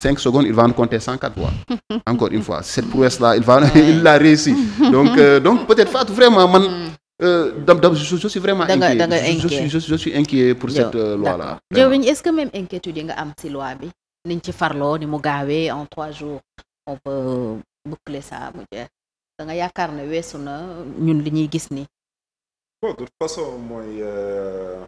cinq secondes, il va en compter 104 voix. Encore une fois, cette prouesse-là, il va, ouais. il l'a réussi. Donc, euh, donc peut-être Fatou, vraiment, man, hmm. euh, je, je, suis vraiment inquiet. Je, suis, je, je, suis inquiet pour Yo, cette euh, loi-là. est-ce que même inquiétude nga am ci loi bi? Niñ ci farlo ni mu gaawee en 3 jours, on peut boucler ça yaakaar ne weesu na ñun li ñuy gis ni. Bon, toute façon mooy euh,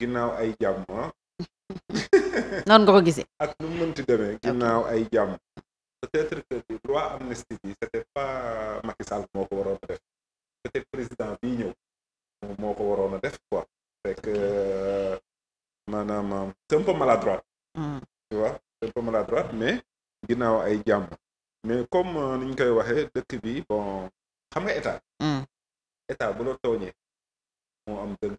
ginnaaw ay jàmm ah, noonu nga ko gisee. ak lu mu mënti demee ginnaaw ay jàmm. peut-être que bi loi amnistie bi c'était pas Macky Sall moo ko waroon def peut-être président bi ñëw moo ko waroon a def quoi. fekk euh, maanaam euh, c'est un peu maladroit. Hmm. tu vois mais ginnaaw ay jàmm. mais comme euh, niñ ñu koy waxee dëkk bi bon xam nga état. Hmm. état bu la tooñee moo am dëgg.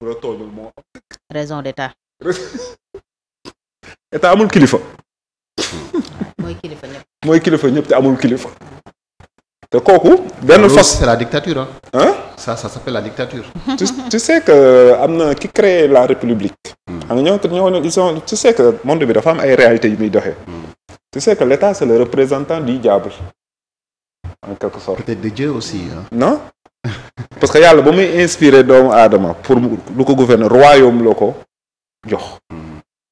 bu tooñul moo am dëgg. raison d'état. état amul kilifa. mooy kilifa ñëpp. te amul kilifa. te kooku benn fas c'est la dictature tu tu sais euh, am na ki créé la république. xam hmm. nga ñoo ñoo ne ils tu sais que monde bi dafa am ay réalité yu muy doxee. Hmm. tu sais que l'état c'est le représentant du diable. en quelque sorte parce que yàlla ba muy inspiré doomu aadama pour lu ko gouverner royaume la ko jox.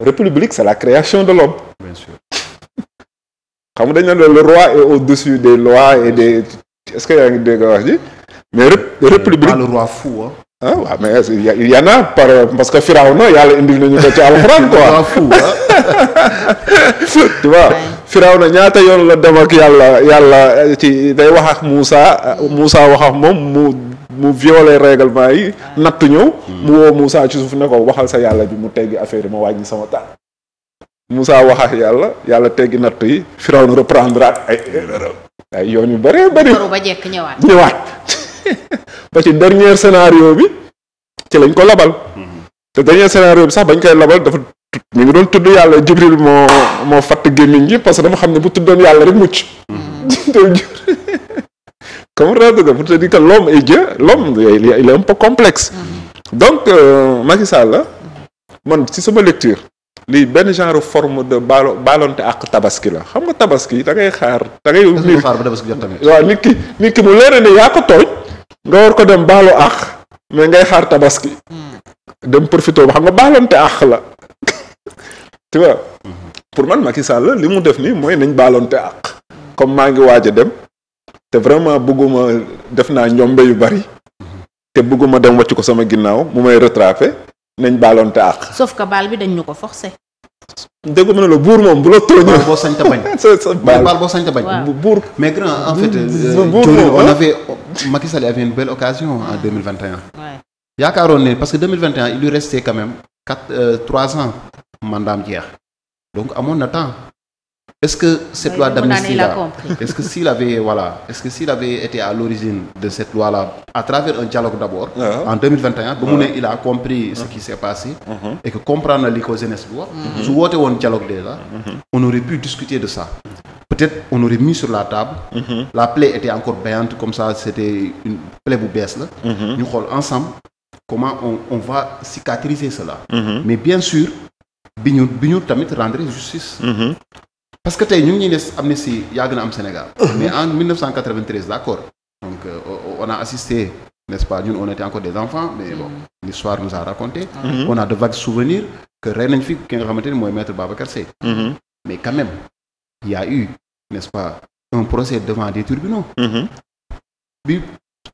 république c'est la création de l'homme bien sûr xam nga dañ naan le roi est au-dessus des lois et des est-ce que yaa ngi dégg wax ji mais république ah. ah mais y en a par parce que Firawna yàlla indil nañu ko ci alxuraan quoi tu vois Firawna ñaata yoon la dem ak yàlla yàlla ci day wax ak Moussa Moussa wax ak moom mu. mu violé règlement yi nattu ñëw mu woo Moussa ci suuf ne waxal sa yàlla bi mu teggi affaire yi ma wàññi sama taal Moussa wax ak yàlla yàlla teggi natt yi fi reprendre ak ay ay yoon yu bëree bëri ba jekk ñëwaat ba ci dernier scénario bi ci lañ ko labal te dernier scénario bi sax bañ koy labal dafa mi ngi doon tudd yàlla Jibril moo moo fatt gémmiñ gi parce que dama xam ne bu tuddoon yàlla rek mucc mm-hmm. comme comprendre nga pour te dire que l'homme est Dieu l'homme il est un peu complexe mm-hmm. donc euh, Macky la man ci sama lecture lii benn genre forme de baalo baalonte ak tabaski la xam nga tabaski da ngay xaar da ngay nit waaw nit ki nit ki mu leere ne yaa ko tooñ nga war ko dem baalo ak mais ngay xaar tabaski mm-hmm. dem profité ba xam nga baalonte ak la tu vois mm-hmm. pour man Macky Sall la li mu def nii mooy nañ baalonte ak comme maa ngi waaj a dem te vraiment bëgguma def naa njombe yu bari te bëgguma dem wàcc ko sama ginnaaw mu may rattrapé nañ baaloon te àq. sauf que baal bi dañ ñu ko forcé. dégg nga ne la buur moom bu la tooñoo. boo sañ te bañ. baal boo sañ bañ. buur mais grand en fait. buur euh, moom on avait Macky Sall avait une belle occasion en deux et un. yaakaaroon ne parce que deux mille vingt et un il lui restait quand même quatre euh, trois ans mandaam jeex donc amoon na temps. Est-ce que cette oui, loi d'amnistie-là, est-ce que s'il avait, voilà, est-ce que s'il avait été à l'origine de cette loi-là, à travers un dialogue d'abord, en ba mu ne il a compris ce qui s'est passé, mm-hmm. et que comprendre li ko jeunesse bi wax, mm-hmm. su woote woon dialogue déjà, mm-hmm. on aurait pu discuter de ça. Peut-être on aurait mis sur la table. La plaie était encore béante, comme ça c'était une plaie bu bees la. ñu xool ensemble comment on on va cicatriser cela. Mais bien sûr bi parce que tey ñu ngi ñuy des amnistie yàgg na am Sénégal. mais en 1993 d' donc euh, on a assisté n' est ce pas ñun on était encore des enfants mais bon mmh. l'histoire nous a raconté. Mmh. on a de vagues souvenirs que rey nañ fi ki nga xamante ni mooy maître Babacar Seye. Mmh. mais quand même il y a eu n' est ce pas un procès devant des tribunaux. Mmh. bi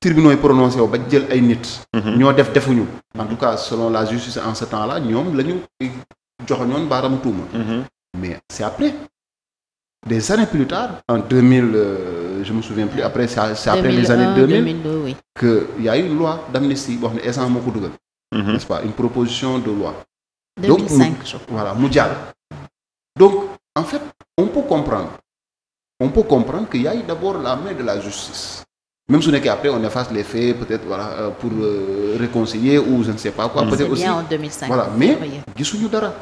tribunaux yi prononcé wu ba jël ay nit. ñoo def defuñu. en tout cas selon la justice en ce temps là ñoom la ñu joxoñoon baaramu tuuma. mais c' après. des années plus tard, en 2000, euh, je me souviens plus, après, c'est après les années 2000, 2002, y a eu une loi d'amnistie, bon, mhm. n'est-ce pas, une proposition de loi. 2005, Donc, je crois. Voilà, mondiale. Donc, en fait, on peut comprendre. On peut comprendre qu'il y a eu d'abord la main de la justice. Même si on est qu'après, on efface les faits, peut-être voilà, euh, pour euh, réconcilier ou je ne sais pas quoi. Peut-être aussi. en 2005. Voilà, mais, Dara.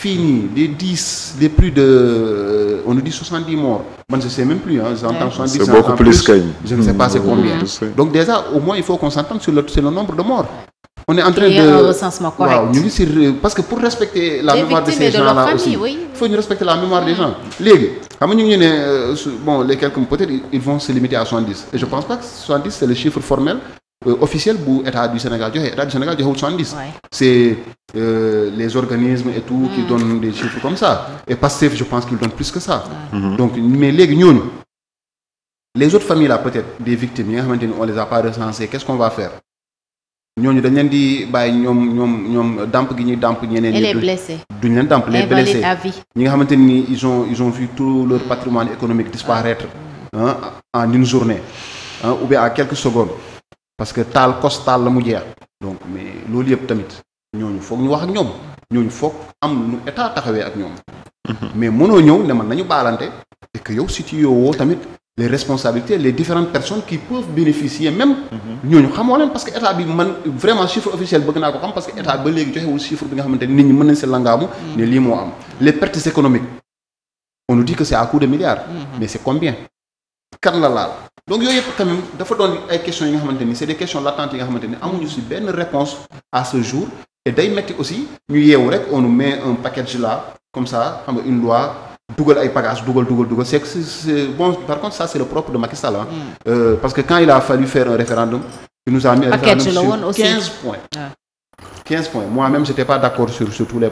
fii nii les dix les plus de euh, on nous dit soixante dix morts man soixante dix je ne sais pas c'est combien donc déjà au moins il faut qu'on s'entende sur le nombre de morts on est en train de recensement correct parce que pour respecter la mémoire de ces gens là il faut ñu respecter la mémoire des gens léegi xam nga ñu euh, bon les quelques peut-être ils vont se limiter à soixante dix et je pense pas que c'est le chiffre formel Euh, officiel bu état du Sénégal joxe état du Sénégal joxewul soixante-dix c'est euh, les organismes et tout qui mm. des chiffres comme ça et Pastef je pense qu'il donne plus que ça mm-hmm. donc mais léegi ñooñu les autres familles là peut-être des victimes yi nga xamante ni on les a pas recensées qu'est-ce qu'on va faire ñooñu dañ leen di bàyyi ñoom ñoom ñoom damp gi ñuy damp ñeneen ñi. ñu leen damp les blessés ñi nga xamante ni ils ont ils ont vu tout leur patrimoine économique disparaître ah en une journée ah ou bien en quelques parce que taal kos la mu jeex donc mais loolu yëpp tamit ñooñu foog ñu wax ak ñoom ñooñu foog am nu état taxawee ak ñoom mhm. mais mënoo ñëw ne man nañu baalante et que yow si tu yoowoo tamit les responsabilités le différentes personnes qui peuvent bénéficier même mhm. ñooñu xamoo leen parce que état bi man vraiment chiffre officiel bëgg naa ko xam parce que état ba léegi joxewul chiffre bi nga xamante nit ñi mën nañ seen langaamu mhm. ne lii moo am les pertes économiques on nous dit que c'est à coup la laal donc yooyu yëpp tamit dafa doon ay questions yi nga xamante ni c'est des questions latentes yi nga xamante amuñu ci benn réponse à ce jour te day metti aussi ñu yeewu rek on nous met un package la comme ça xam nga une loi dugal ay bagages dugal dugal dugal c'est c'est bon par contre ça c'est le propre de Macky mm. euh, parce que quand il a fallu faire un référendum. il nous a mis un référendum sur 15 points. Ah. points moi-même j'étais pas d'accord sur sur tous les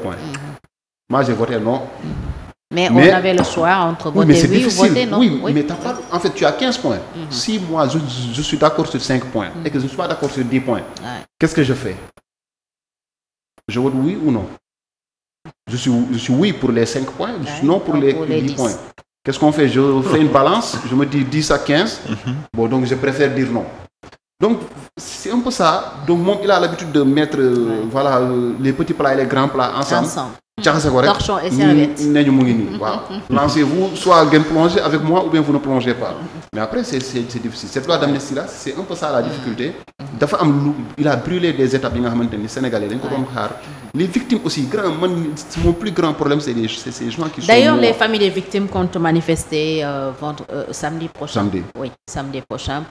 Mais, mais on avait le choix entre voter oui, mais oui ou voter non. Oui, mais as en fait, tu as 15 points. Mm -hmm. je, suis d'accord sur 5 points mm que je ne suis pas d'accord sur 10 points, qu'est-ce que je fais Je vote oui ou non je suis, oui pour les cinq points, je suis non pour les, pour Qu'est-ce qu'on fait Je fais une balance, je me dis 10 à 15. Mm donc je préfère dire non. Donc, c'est un peu ça. Donc, mon, il a l'habitude de mettre euh, euh, les petits plats et les grands plats ensemble. jaxase ko rek torchon ñu mu ngi nii waaw. lancez-vous soit ngeen plongez avec moi ou bien vous ne plongez pas. mais après c'est c'est c'est loi d'amnistie là c'est un peu la difficulté. dafa am lu il a brûlé des étapes yi nga xamante ni sénégalais dañ ko doon xaar. les victimes aussi grand man mon plus grand problème c'est les c'est ces gens qui. d'ailleurs les familles victimes comptent manifester euh, euh, samedi prochain.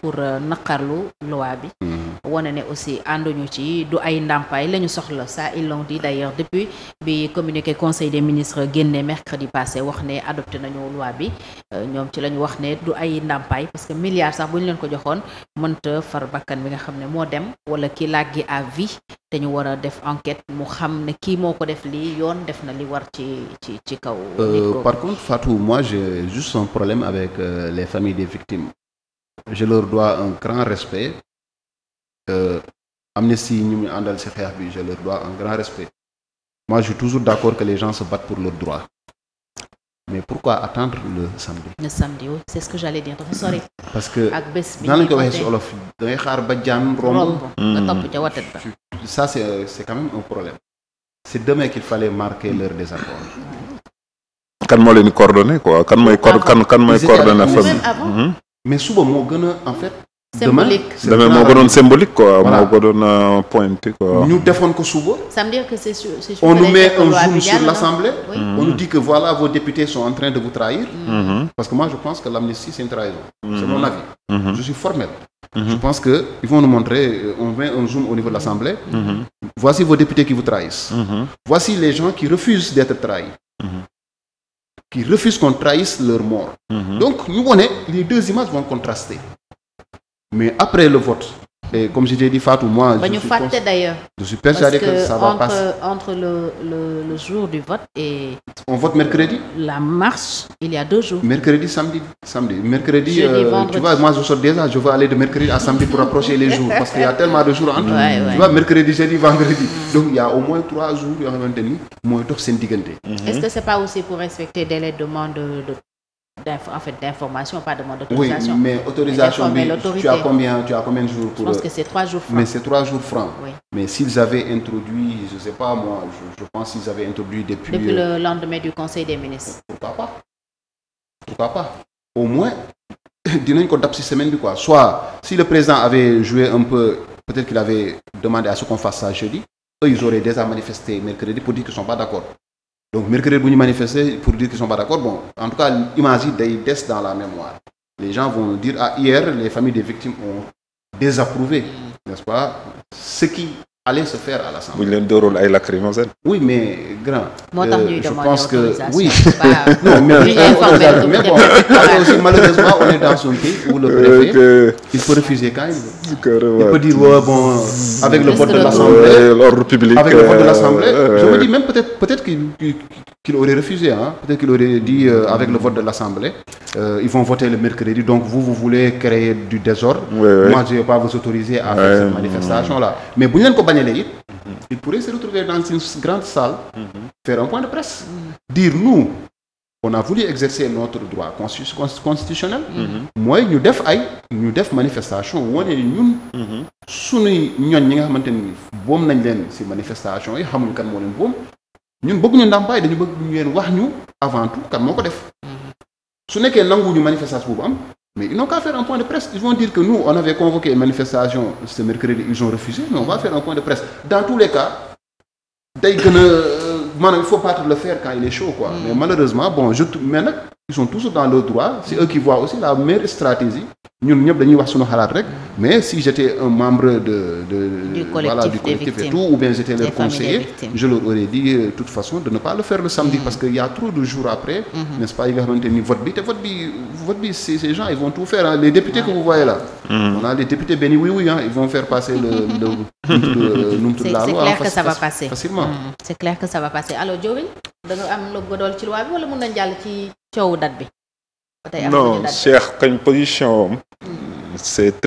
pour euh, naqarlu loi bi. Hmm. wane ne aussi ànduñu ci du ay ndàmpaay la ñu soxla ça ils l'ont dit d'ailleurs depuis bi communiqué conseil des ministres génne mercredi passé wax ne adopté nañu loi bi euh, ñoom ci la ñu wax ne du ay ndàmpaay parce que milliards sax bu ñu leen ko joxoon mënta far bakkan bi nga xam ne moo dem wala ki làggi à vie te ñu war a def enquête mu xam ne kii moo ko def lii yoon def na li war ci ci ci kaw. Euh, par contre Fatou moi j'ai juste un problème avec euh, les familles des victimes. Amnesty yi ñu mu àndal ci xeex bi je leur dois un grand respect moi je toujours d'accord que les gens se battent pour leur droit mais pourquoi attendre le samedi. le samedi oui que j'allais dire dafa parce que ak bés bi ko waxee ci olof da xaar ba jaan romb. nga hmm. topp ca watet ba. ça c'est c'est quand même un problème. c'est demain qu'il fallait marquer leur désaccord. kan moo leen di ko quoi kan mooy. kan kan mooy coordonné famille hmm. mais suba moo gën en fait. symbolique demain moo gënoon symbolique quoi. voilà moo gënoon euh, pointé quoi. ñu defoon ko suba. on nous met un zoom sur l'assemblée oui. Mm-hmm. on nous dit que voilà vos députés sont en train de vous trahir. Mm-hmm. parce que moi je pense que l'amnistie c'est une trahison. Mm-hmm. c'est mon avis. Mm-hmm. je suis formel. Mm-hmm. je pense que ils vont nous montrer euh, on met un zoom au niveau de l'assemblée. voici vos députés qui vous trahissent. voici les gens qui refusent d'être trahis. qui mais après le vote et comme je dit Fatou moi je suis, fâté, que, que va passer entre le, jour du vote et on vote mercredi la marche il y a deux jours mercredi samedi samedi mercredi euh, je sors aller de mercredi à samedi pour rapprocher les jours parce qu'il y a tellement de jours entre ouais, ouais. tu vendredi mm. donc il y a au moins trois jours yoo xamante ni mooy dox seen diggante est-ce que c'est pas aussi pour respecter délai de d'info en pas demande d'autorisation. mais autorisation tu as combien tu as combien de jours. pour je pense que c'est trois jours francs mais c'est trois jours francs. oui mais s'ils avaient introduit je sais pas moi je, je pense s'ils avaient introduit depuis. le euh, lendemain du conseil des ministres. pourquoi pas pourquoi pas au moins dinañ ko dab ci semaine bi quoi soit si le président avait joué un peu peut-être qu'il avait demandé à ce qu'on fasse ça jeudi eux ils auraient déjà manifesté donc mercredi bu ñu manifester pour dire qu'ils sont pas d'accord bon en tout cas image yi day dans la mémoire les gens vont dire ah hier les familles des victimes ont désapprouvé mm. nest pas ce qui aller se leen dóoroon ay lacrymogène. oui mais grand. moo tax ñuy euh, je pense que oui. non mais mais bon aussi malheureusement on est dans un pays où le euh, préfet il peut refuser quand il veut. dire ouais, avec le vote de l'Assemblée. l'ordre public avec le vote de euh, l'Assemblée je me dis même peut-être peut-être qu'il qu'il aurait refusé hein peut-être qu'il aurait dit euh, avec le vote de l'Assemblée euh, ils vont voter le mercredi donc vous vous voulez créer du désordre oui, oui. moi je vais pas vous autoriser à faire cette manifestation là mais bu ñu leen ko bañalee it il pourrait se retrouver dans une grande salle faire un point de presse dire nous on a voulu exercer notre droit constitutionnel mooy ñu def ay ñu def manifestation wane ñun suñuy ñoñ ñi nga xamante ni boom nañ leen ci manifestation yi xamul kan moo leen ñun bëgguñu ndàmpaay dañu bëgg ngeen wax ñu avant tout kan moo ko def su nekkee ñu manifestation boobu am mais ils n'ont qu'à faire un point de presse ils vont dire que nous on avait convoqué une manifestation ce mercredi ils ont refusé mais on va faire un point de presse dans tous les cas day gën a euh, maanaam il faut pas le faire quand il est chaud quoi mm. mais malheureusement bon je mais nag ils sont toujours dans le droit c'est eux qui voient ñun ñëpp dañuy wax suñu xalaat rek mais si j'étais un membre de de du collectif, voilà, victimes, tout ou bien j'étais leur conseiller je leur aurais dit euh, toute façon de ne pas le faire le samedi mm-hmm. parce que y a trop de jours après mmh. n'est-ce pas yi nga xamante ni vote bi te vote bi vote bi ces gens ils vont tout faire les députés que vous voyez là mmh. les députés béni oui oui hein ils vont faire passer le le nu la loi mm-hmm. c'est clair facilement c'est da non Cheikh kañ position am. c'est